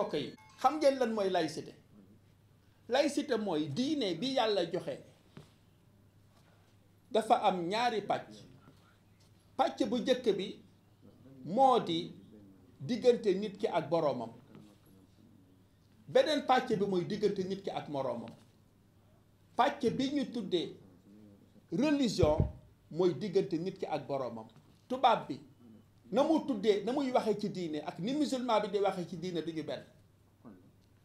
mbokk yi xam ngeen lan mooy laïcité laïcité mooy diine bi yàlla joxe dafa am ñaari pàcc pàcc bu jëkk bi moo di diggante nit ki ak boroomam beneen pàcc bi mooy diggante nit ki ak moroomam pàcc bi ñu tuddee religion mooy diggante nit ki ak boroomam tubaab bi na mu tuddee na muy waxee ci diine ak ni musulman bi di waxee ci diine du ñu benn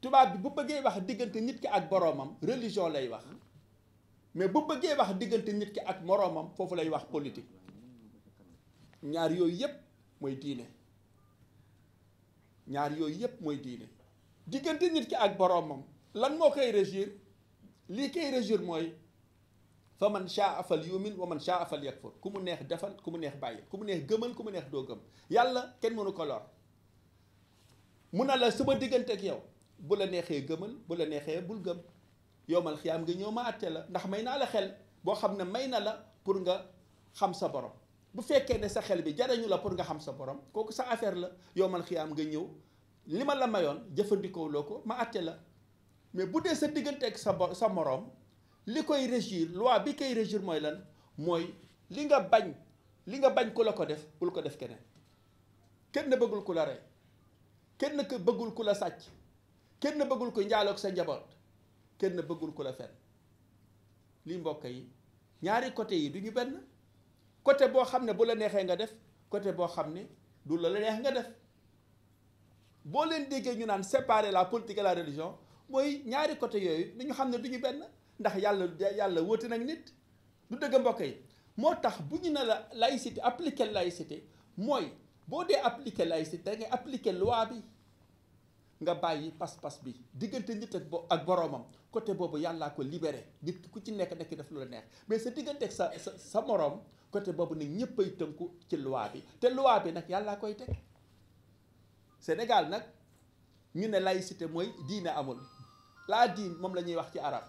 tubaab bi bu bëggee wax diggante nit ki ak boroomam religion lay wax mais bu bëggee wax diggante nit ki ak moroomam foofu lay wax politique ñaar yooyu yëpp mooy diine ñaar yooyu yëpp mooy diine diggante nit ki ak boroomam lan moo koy régir lii koy régir mooy fa man shaa fal yumin wa man shaa fal yakfur ku mu neex defal ku mu neex bàyyi ku mu neex gëmal ku mu neex doo gëm yàlla kenn mënu ko lor mun na la sama diggante ak yow bu la neexee gëmal bu la neexee bul gëm yowmal xiyaam nga ñëw ma àtte la ndax may naa la xel boo xam ne may na la pour nga xam sa borom bu fekkee ne sa xel bi jarañu la pour nga xam sa borom kooku sa affaire la yowmal xiyaam nga ñëw li ma la mayoon jëfandikoo loo ko ma àtte la mais bu dee sa diggante ak sa bo sa moroom li koy régir loi bi koy régir mooy lan mooy li nga bañ li nga bañ ku la ko def bul ko def keneen kenn bëggul ku la rey kenn bëggul ku la sàcc kenn bëggul ko njaaloog sa njaboot kenn bëggul ko la fen lii mbokk yi ñaari côté yi du benn côté boo xam ne bu la neexee nga def côté boo xam ne du la neex nga def boo leen déggee ñu naan séparer la politique et la religion mooy ñaari côté yooyu dañu xam ne du benn ndax yàlla de yàlla wóote nag nit du dëgg mbokk yi moo tax bu ñu ne la laïcité appliquer laïcité mooy boo dee appliquer laïcité da ngay appliquer loi bi nga bàyyi pas-pas bi diggante nit ak bo ak boroomam côté boobu yàllaa ko libéré nit ku ci nekk nekk def lu la neex mais sa diggante ak sa sa sa moroom côté boobu nag ñëpp ay tënku ci loi bi te loi bi nag yàllaa koy teg Sénégal nag ñu ne laïcité mooy diine amul laa diin moom la ñuy wax ci arab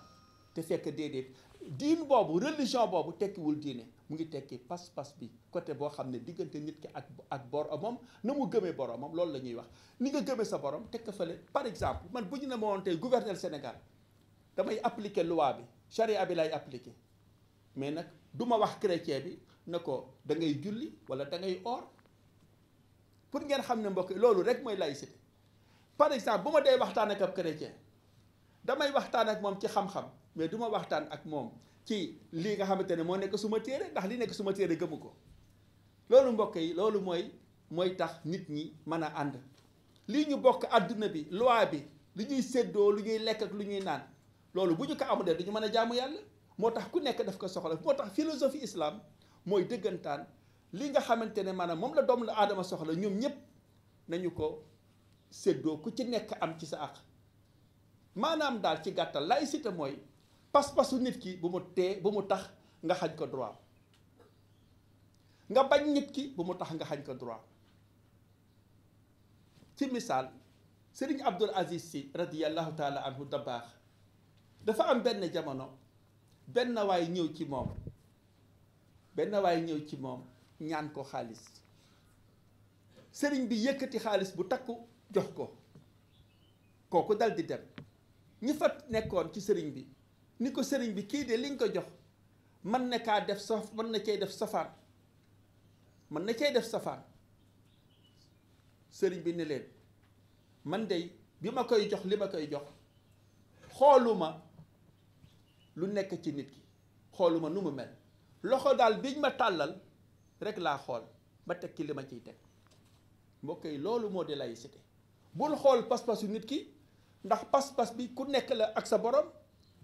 te fekk déedéet diin boobu religion boobu tekkiwul diine mu ngi tekki pas-pas bi côté boo xam ne diggante nit ki ak ak boromam na mu gëmee boromam loolu la ñuy wax ni nga gëmee sa borom teg ko fële par exemple man bu ñu ne ma woon tey gouverneur Sénégal damay appliquer loi bi charia bi lay appliquer mais nag du ma wax chrétien bi ne ko da ngay julli wala da ngay or pour ngeen xam ne mbokki loolu rek mooy lay laïcité par exemple bu ma dee waxtaan ak ab chrétien damay waxtaan ak moom ci xam-xam mais du ma waxtaan ak moom ci lii nga xamante ne moo nekk suma téere ndax li nekk suma téere gëmu ko loolu mbokk yi loolu mooy mooy tax nit ñi mën a ànd lii ñu bokk àdduna bi loi bi lu ñuy séddoo lu ñuy lekk lu ñuy naan loolu bu ñu ko amulee du ñu mën a jaamu yàlla moo tax ku nekk def ko soxla moo tax philosophie islaam mooy dëggantaan li nga xamante ne maanaam moom la doom la aadama soxla ñoom ñëpp nañu ko séddoo ku ci nekk am ci sa àq maanaam daal ci gàttal laïcité mooy pas-pasu nit ki bu mu tee bu mu tax nga xaj ko droit nga bañ nit ki bu mu tax nga xaj ko droit ci misaal Serigne Abdul Aziz si radiyallahu taala anhu dabaax dafa am benn jamono benn waay ñëw ci moom benn ñëw ci moom ñaan ko xaalis sëriñ bi yëkkati xaalis bu takku jox ko kooku dal di dem ñi nekkoon ci sëriñ bi ni ko sëriñ bi kii de liñ ko jox man na def saf mën na cay def safaan mën na cay def safaan sëriñ bi ni leen man de bi ma koy jox li ma koy jox xooluma lu nekk ci nit ki xooluma nu mu mel loxo daal biñ ma tàllal rek laa xool ba teg ki li ma ciy teg mbokk yi loolu moo di laïcité bul xool pas-pasu nit ki ndax pas-pas bi ku nekk la ak sa borom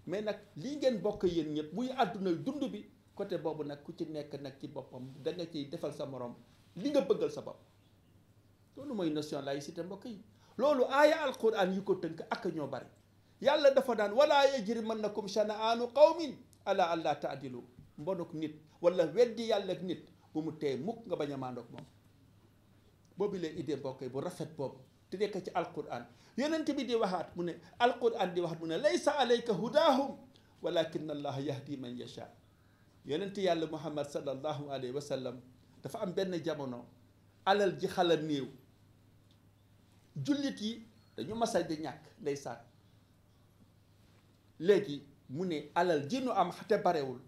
mais nag lii ngeen bokk yéen ñëpp muy àdduna dund bi côté boobu nag ku ci nekk nag ci boppam da nga ciy defal sa morom li nga bëggal sa bopp loolu mooy notion laïcité mbokk yi loolu aaya alquran yi ko tënk ak ñoo bari yàlla dafa daan wala yajrimannakum shana'aanu qawmin ala allaa taadilu mbonuk nit wala weddi yàlla ak nit bu mu tee mukk nga bañ a maandoog moom boobu lee idée mbokk yi bu rafet boobu te nekk ci alquran yonent bi di waxaat mu ne alquran di waxaat mu ne laysa alayka hudaahum walakin allaha yahdi man yasha yonent yàlla muhammad sallallahu alayhi wa sallam dafa am benn jamono alal ji xala néew jullit yi dañu masal di ñàkk ndeysaan léegi mu ne alal ji nu am te barewul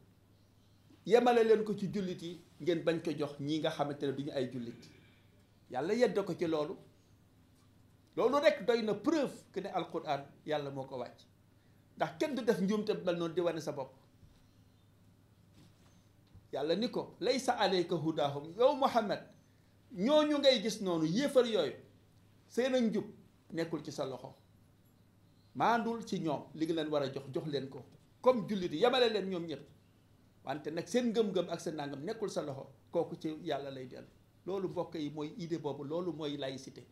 yemale leen ko ci jullit yi ngeen bañ ko jox ñi nga xamante ne du ñu ay jullit yàlla yedd ko ci loolu loolu rek doy na preuve que ne alquran yàlla moo ko wàcc ndax kenn du def njuumte mel noonu di wane sa bopp yàlla ni ko lay laysa aleyka hudahum yow Muhammad ñooñu ngay gis noonu yéefar yooyu seen ak njub nekkul ci sa loxo maandul ci ñoom li nga leen war a jox jox leen ko comme jullit yi yemale leen ñoom ñett wante nag seen ngëm-ngëm ak seen nangam nekkul sa loxo kooku ci yàlla lay dellu loolu mbokk yi mooy idée boobu loolu mooy laïcité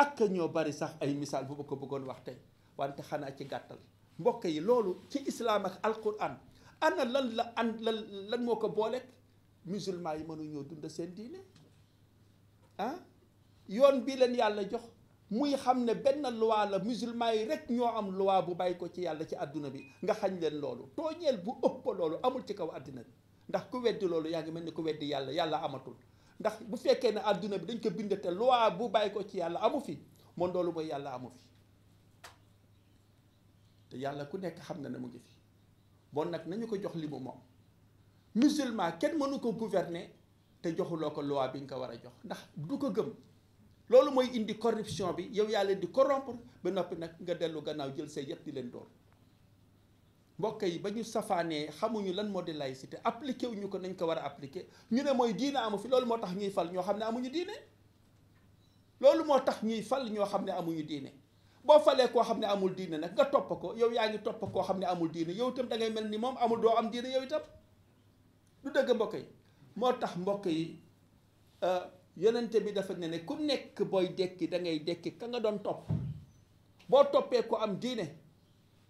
ak ñoo bari sax ay misaal bu ma ko bëggoon wax tey wante xanaa ci gàttal mbokk yi loolu ci islaam ak alquran ana lan la an lan lan moo ko booleeg musulman yi mënuñoo dund seen diine ah yoon bii leen yàlla jox muy xam ne benn loi la musulman yi rek ñoo am luwaa bu bàyyi ko ci yàlla ci àdduna bi nga xañ leen loolu tooñeel bu ëpp loolu amul ci kaw àddina bi ndax ku weddi loolu yaa ngi mel ni ku weddi yàlla yàlla amatul ndax bu fekkee ne àdduna bi dañ ko bind te loi bu bàyyi ko ci yàlla amu fi moom loolu mooy yàlla amu fi te yàlla ku nekk xam na ne mu ngi fi bon nag nañu ko jox li moom musulman kenn mënu ko gouverner te joxuloo ko loi bi nga ko war a jox ndax du ko gëm loolu mooy indi corruption bi yow yaa leen di corrompre ba noppi nag nga dellu gannaaw jël say yëpp di leen door mbokk yi ba ñu safaanee xamuñu lan moo di laïcité appliqué wuñu ko nañ ko war a appliqué ñu ne mooy diine amu fi loolu moo tax ñuy fal ñoo xam ne amuñu diine loolu moo tax ñuy fal ñoo xam ne amuñu diine boo falee koo xam ne amul diine nag nga topp ko yow yaa ngi topp koo xam ne amul diine yow itam da mel ni moom amul doo am diine yow itam du dëgg mbokk yi moo tax mbokk yi euh, yonente bi dafa ne ne ku nekk booy dekki da ngay dekki ka nga doon topp boo toppee am diine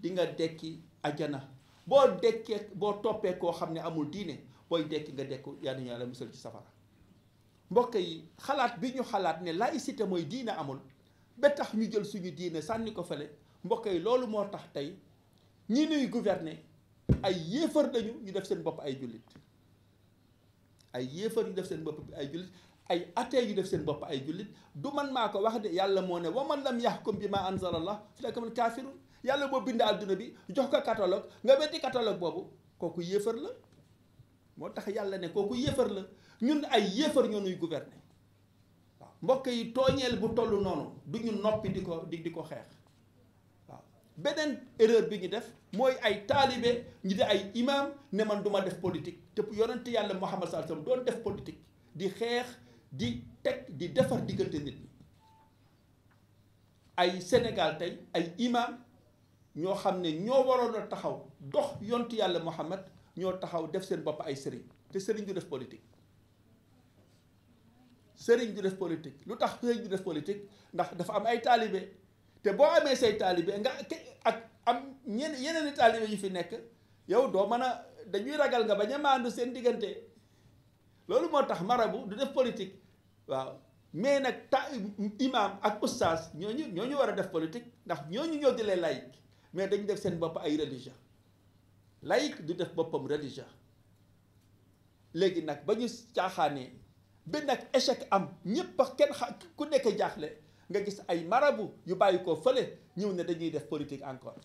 di nga dekki ajana boo dekkee boo toppee koo xam ne amul diine booy dekki nga dekku yal na yàlla musal ci safara mbokk yi xalaat bi ñu xalaat ne laïcité mooy diine amul ba tax ñu jël suñu diine sànni ko fële mbokk yi loolu moo tax tey ñi nuy gouverner ay yéefar dañu ñu def seen bopp ay jullit ay yéefar ñu def seen bopp ay jullit ay athée yu def seen bopp ay jullit du man maa ko wax de yàlla moo ne wa man lam yahkum bi ma anzala allah fa ulaaika humul kaafiruun yàlla moo bind adduna bi jox ko catalogue nga weddi catalogue boobu kooku yéefar la moo tax yàlla ne kooku yéefar la ñun ay yéefar ñoo nuy gouverner waaw mbokk yi tooñeel bu toll noonu du ñu noppi di ko di di ko xeex waaw beneen erreur bi ñu def mooy ay taalibe ñu di ay imam ne man du ma def politique te yonent yàlla Muhammad sallallahu alayhi wasallam doon def politique di xeex di teg di defar diggante nit ñi ay senegal tey ay imam ñoo xam ne ñoo waroon a taxaw dox yontu yàlla Muhammad ñoo taxaw def seen bopp ay sëriñ te sëriñ du def politique sëriñ du def politique lu tax sëriñ du def politique ndax dafa am ay taalibe te boo amee say taalibe nga ak am ñen yeneen i taalibe yu fi nekk yow doo mën a dañuy ragal nga bañ a maandu seen diggante loolu moo tax marabu du def politique waaw mais nag ta imaam ak ustaas ñoo ñu war a def politique ndax ñoo ñu ñoo di lay laïc mais dañ def seen bopp ay religieux laïc du def boppam religieux léegi nag ba ñu caaxaanee ba nag échec am ñëpp a kenn xa ku nekk jaaxle nga gis ay marabu yu bàyyi koo fële ñëw ne dañuy def politique encore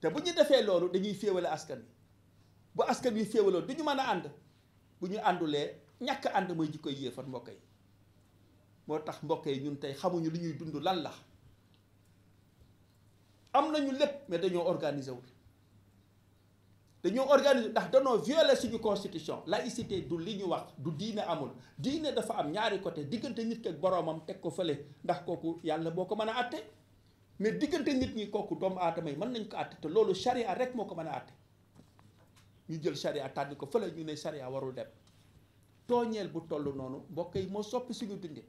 te bu ñu defee loolu dañuy féewale askan wi bu askan wi féewaloo du ñu mën a ànd bu ñu àndulee ñàkk ànd mooy jikkoy yéefar mbokk yi moo tax mbokk yi ñun tey xamuñu lu ñuy dund lan la am nañu lépp mais dañoo organiser wul dañoo organiser ndax dañoo violer suñu constitution laïcité du li ñu wax du diine amul diine dafa am ñaari côté diggante nit ak boroomam teg ko fële ndax kooku yàlla boo ko mën a àtte mais diggante nit ñi kooku doomu aadama yi mën nañ ko àtte te loolu charia rek moo ko mën a àtte ñu jël charia tàgg ko fële ñu ne charia warul dem tooñeel bu toll noonu mbokk yi moo soppi suñu dundee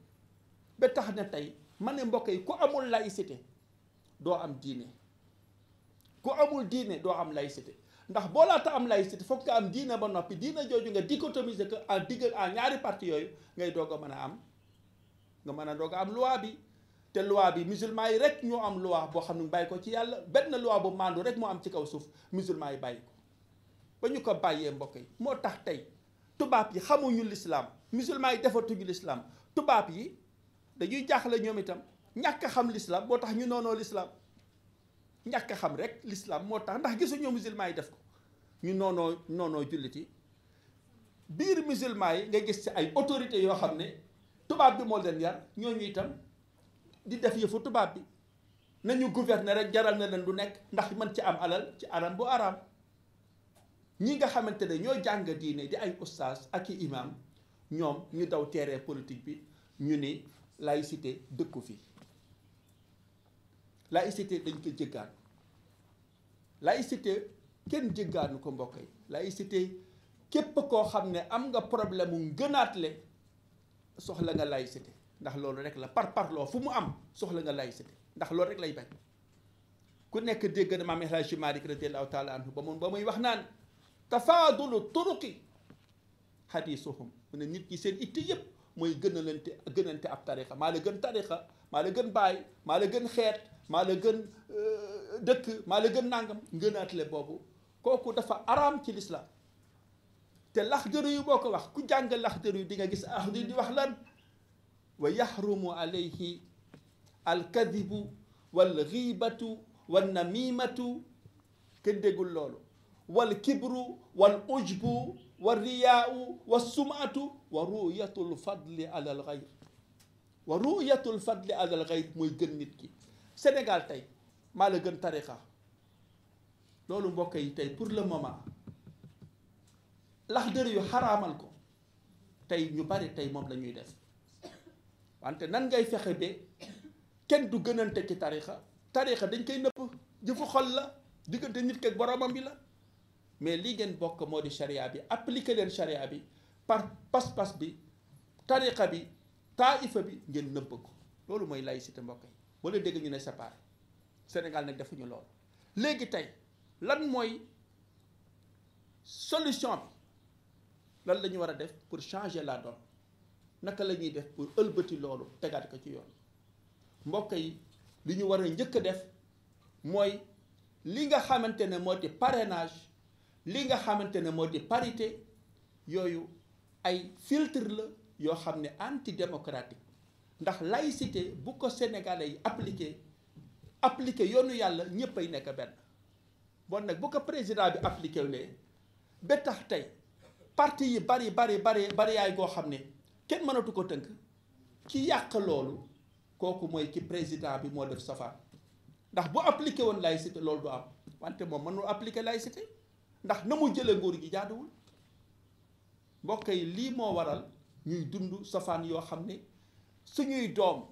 ba tax na tey ma ne mbokk yi amul laïcité doo am diine ku amul diine doo am laïcité ndax boo laata am laïcité foog nga am diine ba noppi diine jooju nga dichotomiser que en diggal en ñaari parti yooyu ngay doog a mën a am nga mën a doog am loi bi te loi bi musulman yi rek ñoo am loi boo xam ne bàyyi ko ci yàlla benn loi bu màndu rek moo am ci kaw suuf musulman yi bàyyi ko ba ñu ko bàyyee mbokk yi moo tax tey tubaab yi xamuñu lislaam musulman yi defatuñu lislaam tubaab yi dañuy jaaxle ñoom itam ñàkk a xam l'islam moo tax ñu noonoo l'islam ñàkk xam rek l'islam moo tax ndax gisuñu musulman yi def ko ñu noonoo noonoo jullit yi biir musulman yi nga gis ci ay autorités yoo xam ne tubaab bi moo leen yar ñooñu itam di def yëfu tubaab bi nañu gouverner rek jaral na leen lu nekk ndax mën ci am alal ci aram bu aram ñi nga xamante ne ñoo jàng diine di ay ustaas ak i imam ñoom ñu daw terrain politique bi ñu ni laïcité dëkku fii laïcité dañ ko jéggaan laïcité kenn jéggaanu ko mbokk yi laïcité képp koo xam ne am nga problème mu ngënaatle soxla nga laïcité ndax loolu rek la par parloo fu mu am soxla nga laïcité ndax loolu rek lay bañ ku nekk dégg na maam El Hadji Malick radiyallahu taala ba moom ba muy wax naan tafaadulu turuqi xadiisuhum mu ne nit ñi seen itti yëpp mooy gënalante gënante ab tarixa maa la gën tarixa maa la gën baay maa la gën xeet maa la gën euh, dëkk maa la gën nangam ngënaatle boobu kooku dafa araam ci lislaam te laxdëru yu boo ko wax ku jàng laxdëru yu di nga gis ahdi di wax lan wa yaxrumu alayhi alkadibu wal xiibatu wal namimatu kenn déggul loolu wal kibru wal ujbu wa riyaau wa sumaatu wa ruyatu lfadli ala alxayr wa ruyatu lfadli ala alxayr mooy gën nit ki Sénégal tey maa la gën tarixa loolu mbokk yi tey pour le moment lax dër yu xaraamal ko tey ñu bari tey moom lañuy ñuy def wante nan ngay fexe be kenn du gënante ci tarixa tarixa dañ koy nëpp jëfu xol la diggante nit keeg boromam bi la mais lii ngeen bokk moo di charia bi appliquer leen charia bi par pas-pas bi tarixa bi taifa bi ngeen nëbb ko loolu mooy lay laïcité mbokk yi wala dégg ñu ne séparé Sénégal nag defuñu loolu léegi tey lan mooy solution bi lan la ñu war a def pour changer la donne naka la ñuy def pour ëlbati loolu tegaat ko ci yoon mbokk yi li ñu war a njëkk a def mooy li nga xamante ne moo di parenage li nga xamante ne moo di parité yooyu ay filtre la yoo xam ne anti antidémocratique ndax laïcité bu ko sénégalais yi appliqué appliqué yoonu yàlla ñëpp ay nekk benn bon nag bu ko président bi appliqué wu ne ba tax tey parti yi bari bari bari bari yaay goo xam ne kenn mënatu ko tënk ki yàq loolu kooku mooy ki président bi moo def safaan ndax bu appliqué woon laïcité loolu du am wante moom mënul appliqué laïcité ndax na mu jëlee nguur gi jaaduwul mbokk yi lii moo waral ñuy dund safaan yoo xam ne. suñuy doom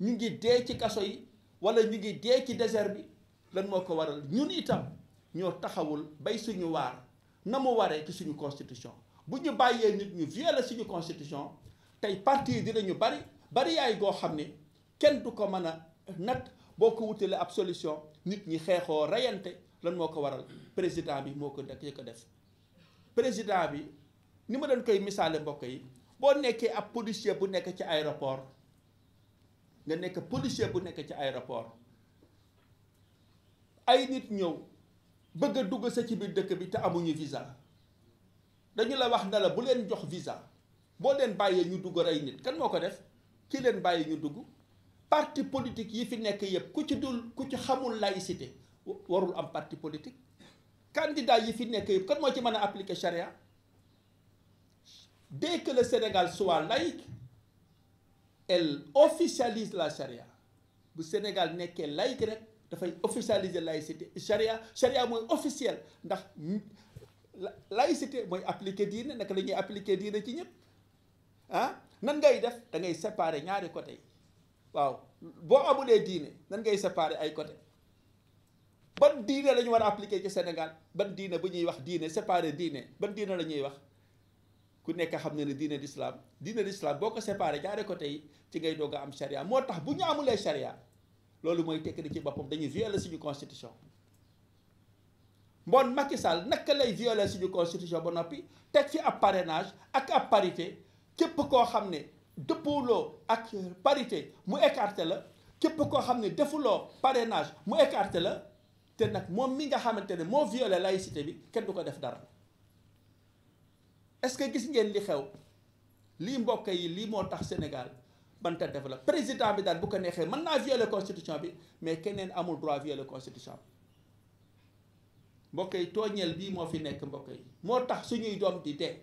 ñu ngi dee ci kaso yi wala ñu ngi dee ci désert bi lan moo ko waral ñun itam ñoo taxawul bay suñu waar na mu waree ci suñu constitution bu ñu bàyyee nit ñi violer suñu constitution tey parti dinañu bari bari yaay goo xam ne kenn du ko mën a nat boo ko wutalee ab solution nit ñi xeexoo reyante lan moo ko waral président bi moo ko dëkk ko def président bi ni ma doon koy misaale mbokk yi boo nekkee ab policier bu nekk ci aéroport nga nekk policier bu nekk ci aéroport ay nit ñëw bëgg a dugg sa ci biir dëkk bi te amuñu visa dañu la wax na bu leen jox visa boo leen bàyyee ñu dugg ay nit kan moo ko def ki leen bàyyi ñu dugg parti politique yi fi nekk yëpp ku ci dul ku ci xamul laïcité warul am parti politique candidat yi fi nekk yëpp kan moo ci mën a appliquer charia dès que le Sénégal soit laïque elle officialise la charia bu Sénégal nekkee laïque rek dafay officialiser laïcité charia charia mooy officiel ndax la laïcité mooy appliquer diine naka la ñuy appliquer diine ci ñëpp ah nan ngay def da ngay séparer ñaari côté yi waaw boo amulee diine nan ngay séparer ay côté ban diine la ñu war a appliquer ci Sénégal ban diine bu ñuy wax diine séparer diine ban diine la ñuy wax. ku nekk xam ne ne diine l'islam dina l'islam boo ko séparé jaaree ko tey ci ngay doog am charia moo tax bu ñu amulee charia loolu mooy tekki di ci boppam dañuy violer suñu constitution mboon Macky Sall naka lay violer suñu constitution ba noppi teg fi ab parrainage ak ab parité képp koo xam ne dëppuloo ak parité mu écarté la képp koo xam ne defuloo parrainage mu écarté la te nag moom mi nga xamante ne moo violer laïcité bi kenn du ko def dara est-ce que gis ngeen li xew lii mbokk yi lii moo tax Sénégal ban ta développe président bi daal bu ko neexee mën naa violer constitution bi mais keneen amul droit violer constitution bi mbokk yi tooñeel bii moo fi nekk mbokk yi moo tax suñuy doom di dee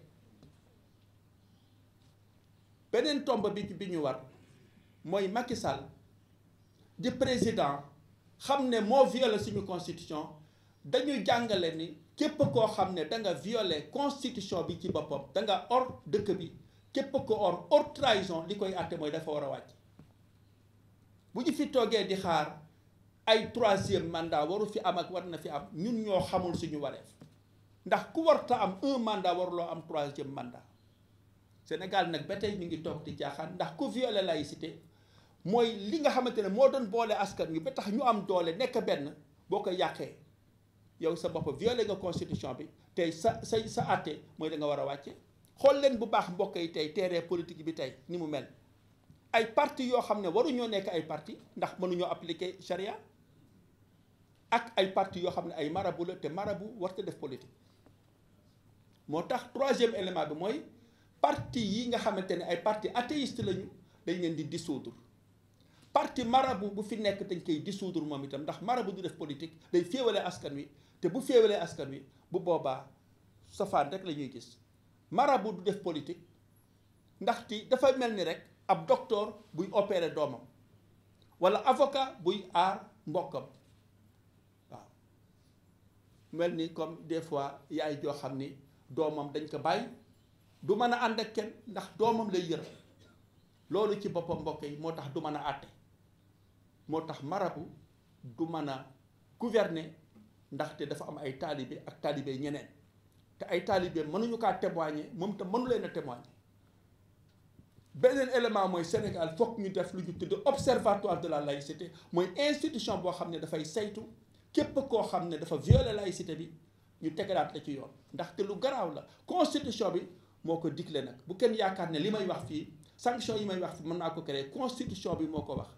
beneen tomb bi bi ñu war mooy Macky Sall di président xam ne moo violé suñu constitution dañuy jàngale ni képp koo xam ne danga nga violer constitution bi ci boppam da or dëkk bi képp ko or or trahison li koy àtte mooy dafa war a wàcc bu ñu fi toogee di xaar ay troisième mandat waru fi am ak war na fi am ñun ñoo xamul suñu wareef ku warta am un mandat waruloo am troisième mandat Sénégal nag ba tey ñu ngi toog di jaaxaan ndax ku violer laïcité mooy li nga xamante ne moo doon boole askan wi ba tax ñu am doole nekk benn boo ko yàqee yow sa bopp violé nga constitution bi tey sa sa sa àtte mooy da nga war a wàcce xool leen bu baax mbokk yi tey terrain politique bi tey ni mu mel ay parti yoo xam ne waruñoo nekk ay parti ndax mënuñoo appliquer charia ak ay parti yoo xam ne ay marabu la te marabu warta def politique moo tax troisième élément bi mooy parti yi nga xamante ne ay parti athéiste lañu dañ leen di dissoudre parti marabu bu fi nekk dañ koy dissoudre moom itam ndax marabu du def politique day féewale askan wi te bu féewalee askan wi bu boobaa safaan rek lañuy ñuy gis marabu du def ndax ndaxte dafa mel ni rek ab docteur buy opérer doomam wala avocat buy aar mbokkam waaw mel ni comme des fois yaay joo xam ni doomam dañ ko bàyyi du mën a ànd ak kenn ndax doomam lay yërëm loolu ci boppam mbokk yi moo tax du mën a àtte moo tax marabu du mën a gouverner ndaxte dafa am ay taalibe ak taalibe ñeneen te ay taalibe mënuñu kaa témoigner moom te mënu leen a témoigner beneen élément mooy Sénégal foog ñu def lu ñu tudd observatoire de la laïcité mooy institution boo xam ne dafay saytu képp koo xam ne dafa violer laïcité bi ñu tegalaat la ci yoon ndaxte lu garaaw la constitution bi moo ko digle nag bu kenn yaakaar ne li may wax fii sanction yi may wax fii mën naa ko créer constitution bi moo ko wax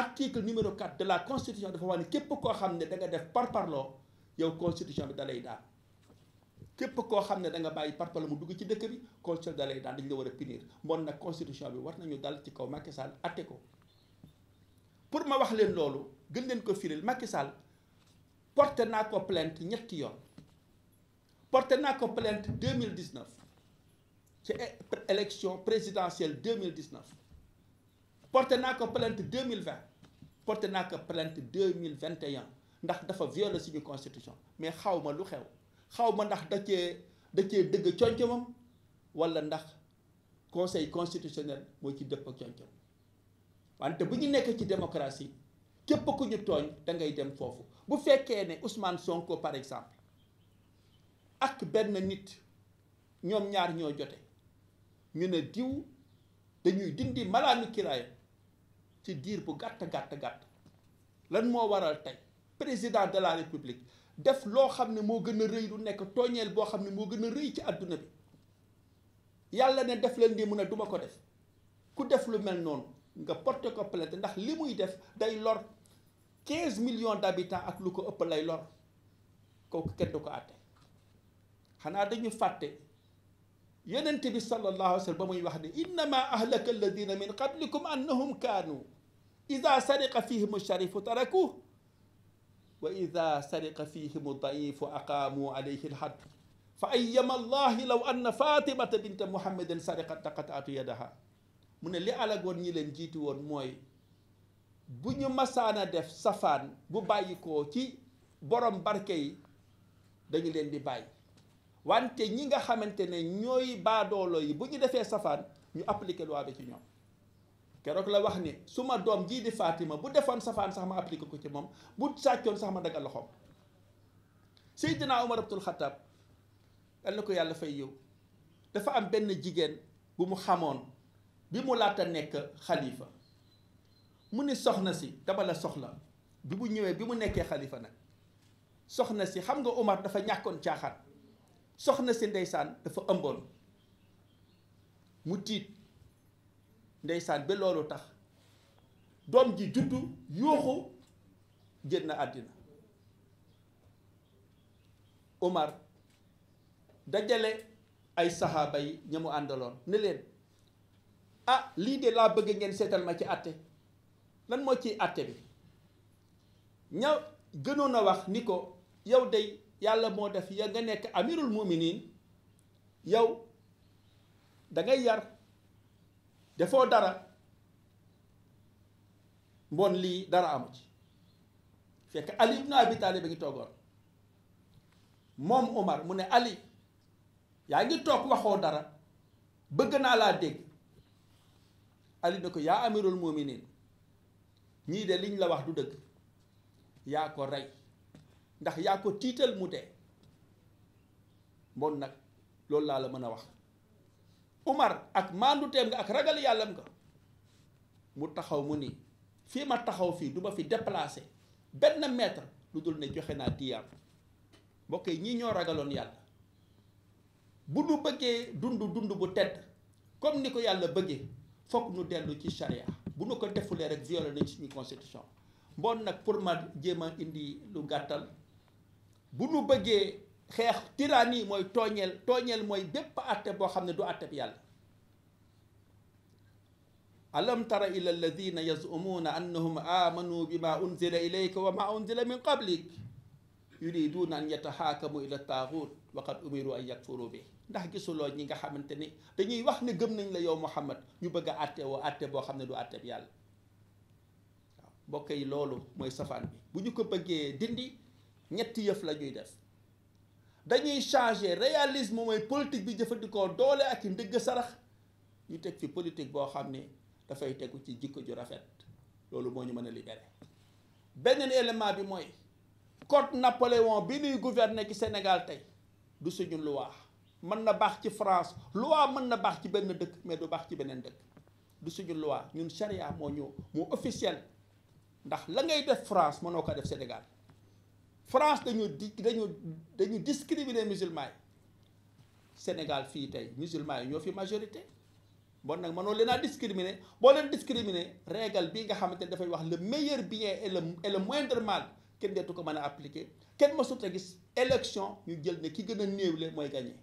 article numéro 4 la constitution dafa wax képp koo xam ne da nga def parparloo yow constitution bi dalay daal képp koo xam ne da nga bàyyi parpala mu dugg ci dëkk bi constitution bi dalay daan dañu la war a punir moom nag constitution bi war nañu dal ci kaw Macky ate atte ko pour ma wax leen loolu gën leen ko firil Macky Sall porté naa ko plainte ñetti yoon porte naa ko plainte 2019 ci élection présidentielle 2019 porté naa ko plainte 2020 porté naa ko plainte 2021 ndax dafa violer suñu constitution mais xaw ma lu xew xaw ma ndax da cee da cee dëgg concomam wala ndax conseil constitutionnel mooy ci dëpp ak wante bu ñu nekk ci démocratie képp ku ñu tooñ dangay dem foofu bu fekkee ne Ousmane Sonko par exemple ak benn nit ñoom ñaar ñoo jote ñu ne diw dañuy dindi malaanu kiraayam ci diir bu gàtt gàtt gàtt lan moo waral tey président de la république def loo xam ne moo gën a rëy lu nekk tooñeel boo xam ne moo gën a rëy ci àdduna bi yàlla ne def leen di mun a duma ko def ku def lu mel noonu nga porté ko plainte ndax li muy def day lor 15 million d'habitants ak lu ko ëpp lay lor kooku kenn du ko àtte xanaa dañu fàtte yonent bi sallallahu wa sallam ba muy wax ne innama ahlaka alladina min qablikum annahum kaanu ida sariqa fihim sharifu tarakuh wa ida sariqa fihimu daifu aqaamu alayhi lhadd fa ayyama allahi law anna fatimata binta muhammadin sariqat laqata'tu yadaha mu ne li alagoon ñi leen jiitu woon mooy bu ñu masaana def safaan bu bàyyikoo ci borom barke yi dañu leen di bàyyi wante ñi nga xamante ne ñooy baadoolo yi bu ñu defee safaan ñu appliqué loi bi ci ñoom keroog la wax ni su ma doom jii di Fatima bu defoon safaan sax ma appliqué ko ci moom bu sàccoon sax ma daggal loxoom Seydina Omar Abdul Xataab dal na ko yàlla fay yow dafa am benn jigéen bu xamoon bi mu laata nekk xalifa mu ni soxna si dama la soxla bi mu ñëwee bi mu nekkee xalifa nag soxna si xam nga Omar dafa ñàkkoon caaxaat soxna si ndeysaan dafa ëmboon mu tiit ndeysaan ba loolu tax doom ji juddu yuuxu génn àddina Omar dajale ay saxaaba yi ña mu àndaloon ne leen ah lii de laa bëgg ngeen seetal ma ci àtte lan moo ciy àtte bi ña gënoon a wax ni ko yow day yàlla moo def ya nga nekk amirul muminin yow dangay ngay yar defoo dara mbon lii dara amu ci fekk Ali ibnu Abi Talib ba ngi toogoon moom Omar mu ne Ali yaa ngi toog waxoo dara bëgg naa laa dégg Ali ne ko yaa amirul mu'minin ñii de liñ la wax du dëgg yaa ko rey ndax yaa ko tiital mu dee mbon nag loolu laa la mën a wax Umar ak manduteem nga ak ragal yàllam nga mu taxaw mu ni fii ma taxaw fii du ma fi déplacé benn mètre lu dul ne joxe naa diyaam mbokk yi ñii ñoo ragaloon yàlla bu nu bëggee dund dund bu tedd comme ni ko yàlla bëggee fokk nu dellu ci charia bu nu ko defulee rek violé nañ suñu constitution mboon nag pour ma jéem indi lu gàttal bu nu bëggee xeex tyrannie mooy tooñeel tooñeel mooy bépp àtte boo xam ne du àtte bi yàlla alam tara ila alladina yazumuuna annahum amanu bima unzila ilayka wa ma unzila min qablik yuriduuna an yatahaakamu ila taaxuut waqad umiru an yakfuru bi ndax gisuloo ñi nga xamante ni dañuy wax ne gëm nañ la yow Muhammad ñu bëgg a àtte woo àtte boo xam ne du àtte bi yàlla waaw mbokk yi loolu mooy safaan bi bu ñu ko bëggee dindi ñetti yëf la ñuy def dañuy changer réalisme mooy politique bi jëfandikoo doole ak i ndigg sarax ñu teg fi politique boo xam ni dafay tegu ci jikko ju rafet loolu moo ñu mën a libéré beneen élément bi mooy code Napoléon bi nuy gouverner ci Sénégal tey du suñu loi mën na baax ci France loi mën na baax ci benn dëkk mais du baax ci beneen dëkk du suñu loi ñun charia moo ñu moo officiel ndax la ngay def France mënoo ko def Sénégal France dañu di dañu dañu discriminer musulman yi Sénégal fii tey musulman yi ñoo fi majorité bon nag mënoo leen a discriminer boo leen discriminer régal bi nga xamante ne dafay wax le meilleur bien et le et le moindre kenn deetu ko mën a appliquer kenn mësut a gis élection ñu jël ne ki gën a néewle mooy gagné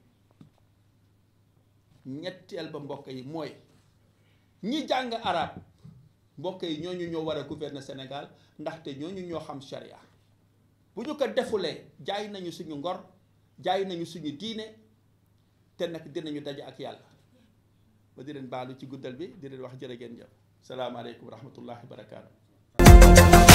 ñetteel ba mbokk yi mooy ñi jàng arab mbokk yi ñooñu ñoo war a gouverner Sénégal ndaxte ñooñu ñoo xam charia bu ñu ko defulee jaay nañu suñu ngor jaay nañu suñu diine te nag dinañu daje ak yàlla ba di leen baalu ci guddal bi di leen wax jërë ngeen jëf salaamaaleykum wa rahmatullahi barakaatu.